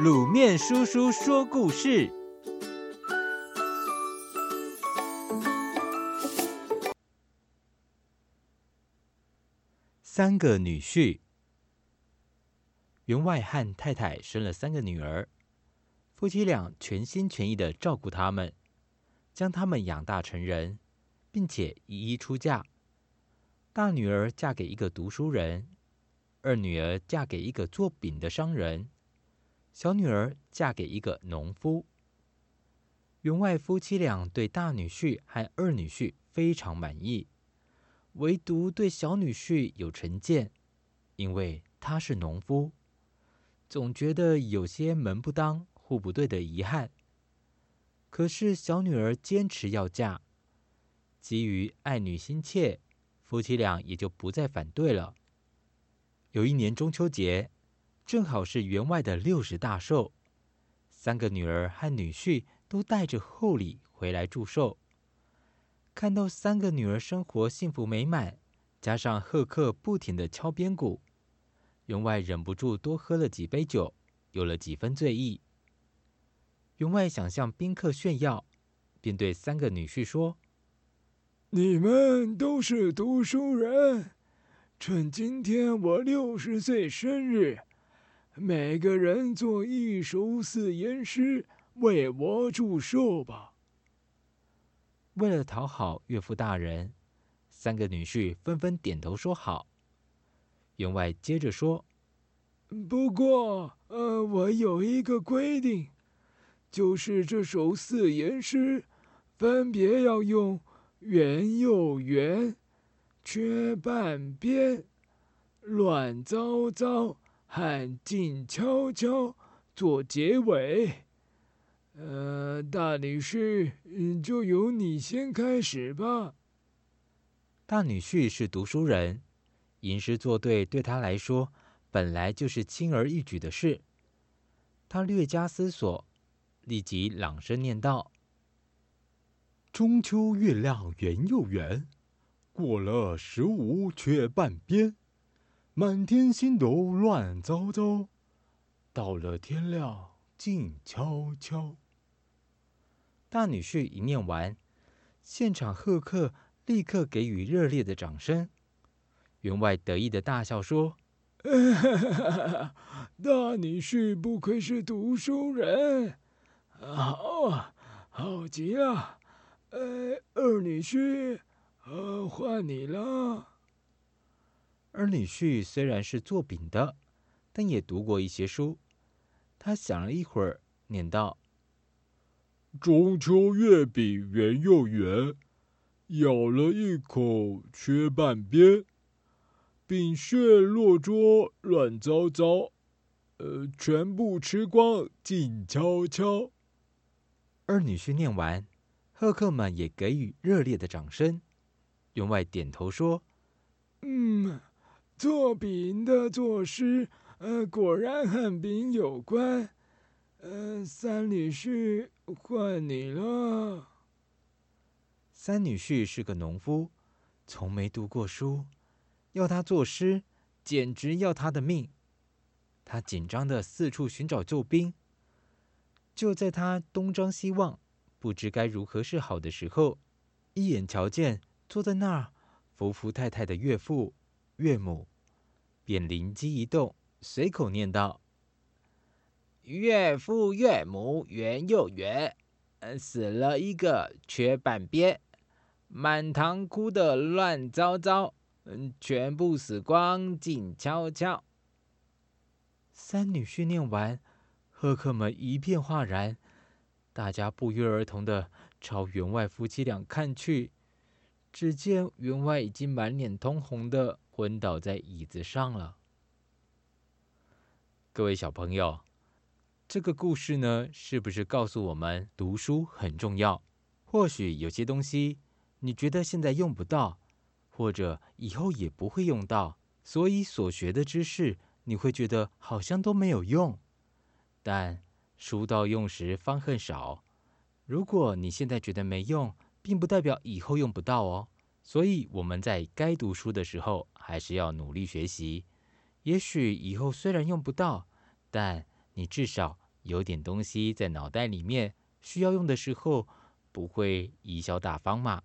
滷麵叔叔說故事：三個女婿，員外和太太生了三個女兒，夫妻倆全心全意的照顧他們，將他們養大成人，並且一一出嫁。大女兒嫁給一個讀書人，二女兒嫁給一個做餅的商人。小女兒嫁給一個農夫，員外夫妻倆對大女婿和二女婿非常滿意，唯獨對小女婿有成見，因為他是農夫，總覺得有些門不當戶不對的遺憾。可是小女兒堅持要嫁，基於愛女心切，夫妻倆也就不再反對了。有一年中秋節，正好是員外的六十大壽，三個女兒和女婿都帶着厚禮回來祝壽。看到三個女兒生活幸福美滿，加上賀客不停的敲邊鼓，員外忍不住多喝了幾杯酒，有了幾分醉意。員外想向賓客炫耀，便對三個女婿說：“你們都是讀書人，趁今天我六十歲生日。”每個人做一首四言詩，為我祝壽吧。為了討好岳父大人，三個女婿紛紛點頭說好。員外接着說：“不過，呃，我有一個規定，就是這首四言詩分別要用圓又圓、缺半邊、亂糟糟。”漢靜悄悄做結尾，呃，大女婿，就由你先開始吧。大女婿是讀書人，吟詩作對對他來說本來就是輕而易舉的事。他略加思索，立即朗聲念道：“中秋月亮圓又圓，過了十五缺半邊。”滿天星斗亂糟糟，到了天亮靜悄悄。大女婿一念完，現場賀客立刻給予熱烈的掌聲。員外得意的大笑說：“ 大女婿不愧是讀書人，好啊，好極了。”哎，二女婿，啊、換你了。二女婿雖然是做餅的，但也讀過一些書。他想了一會兒，念道：“中秋月餅圓又圓，咬了一口缺半邊，餅屑落桌亂糟糟。呃，全部吃光靜悄悄。”二女婿念完，賀客們也給予熱烈的掌聲，員外點頭說：“嗯。”做餅的作詩，呃，果然和餅有關。呃，三女婿換你了。三女婿是個農夫，從沒讀過書，要他作詩，簡直要他的命。他緊張地四處尋找救兵。就在他東張西望，不知該如何是好的時候，一眼瞧見坐在那兒，福福太太的岳父、岳母。便靈機一動，隨口念道：“岳父岳母圓又圓，死了一個缺半邊，滿堂哭得亂糟糟，嗯，全部死光靜悄悄。”三女婿念完，賀客們一片嘩然，大家不約而同的朝員外夫妻倆看去，只見員外已經滿臉通紅的。昏倒在椅子上了。各位小朋友，這個故事呢，是不是告訴我們讀書很重要？或許有些東西你覺得現在用不到，或者以後也不會用到，所以所學的知識你會覺得好像都沒有用。但書到用時方恨少。如果你現在覺得沒用，並不代表以後用不到哦。所以我們在該讀書的時候，還是要努力學習。也許以後雖然用不到，但你至少有點東西在腦袋裡面，需要用的時候不會貽笑大方嘛。